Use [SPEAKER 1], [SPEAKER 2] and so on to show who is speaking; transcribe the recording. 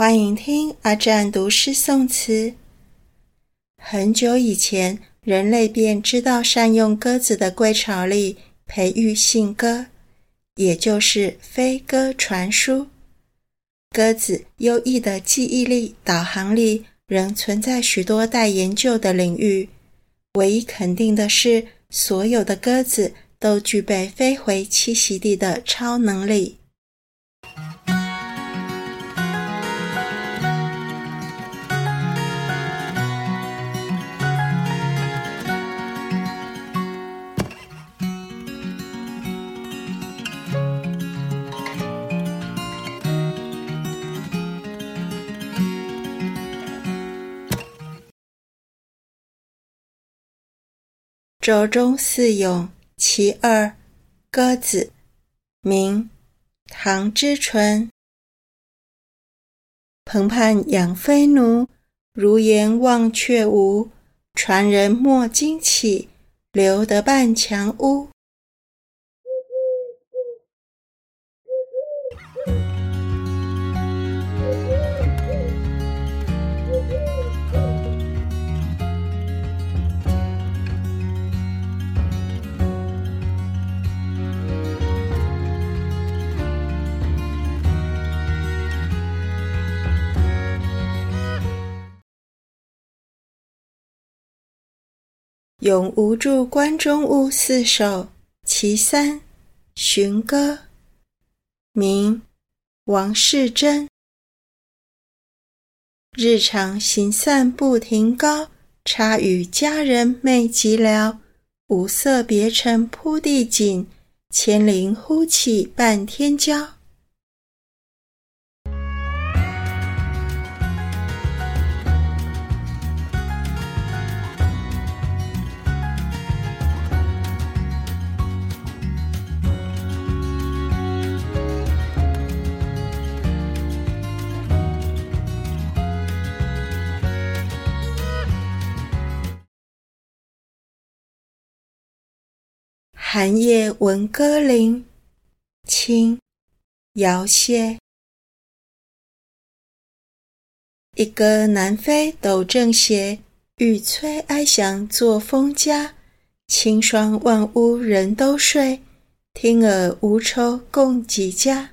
[SPEAKER 1] 歡迎聽阿占讀詩誦詞。很久以前，人類便知道善用鴿子的歸巢力培育信鴿，也就是飛鴿傳書。鴿子優異的記憶力、導航力，仍存在許多待研究的領域。唯一肯定的是，所有的鴿子都具備飛回棲息地的超能力。
[SPEAKER 2] 舟中四詠其二，鴿子，明
[SPEAKER 1] 唐之淳。篷畔養飛奴，如檐望卻無。船人莫驚起，留得伴檣烏。《詠無住觀中物四首·其三·馴鴿》明·王世貞。日長行散步庭皋，插羽佳人媚寂寥，五色別成鋪地錦，千鈴忽起半天嬌。
[SPEAKER 2] 寒夜聞鴿鈴，清，姚燮。
[SPEAKER 1] 一鴿南飛斗正斜，欲催哀響作風笳，清霜萬屋人都睡，聽爾無愁共幾家。